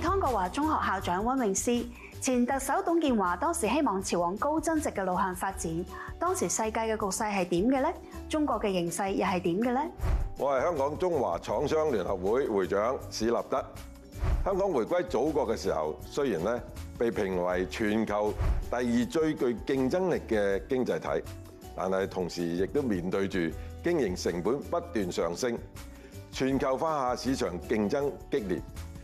湯國華中學校長温永思，前特首董建華當時希望朝往高增值嘅路向發展。當時世界嘅局勢係點嘅呢？中國嘅形勢又係點嘅呢？我係香港中華廠商聯合會會長史立德。香港回歸祖國嘅時候，雖然咧被評為全球第二最具競爭力嘅經濟體，但係同時亦都面對住經營成本不斷上升、全球化下市場競爭激烈。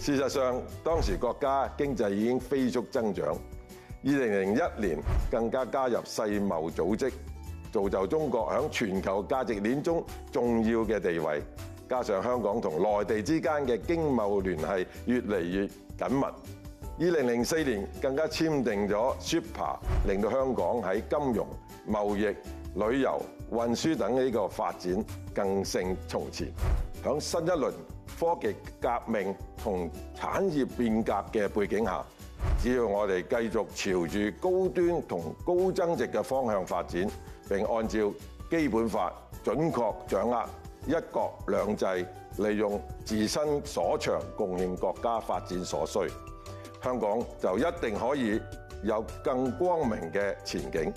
事實上，當時國家經濟已經飛速增長。二零零一年更加加入世貿組織，造就中國喺全球價值鏈中重要嘅地位。加上香港同內地之間嘅經貿聯繫越嚟越緊密，二零零四年更加簽訂咗《CEPA》，令到香港喺金融、貿易、旅遊、運輸等呢個發展更勝從前。喺新一輪科技革命同產業變革嘅背景下，只要我哋繼續朝住高端同高增值嘅方向發展，並按照基本法準確掌握一國兩制，利用自身所長，供應國家發展所需，香港就一定可以有更光明嘅前景。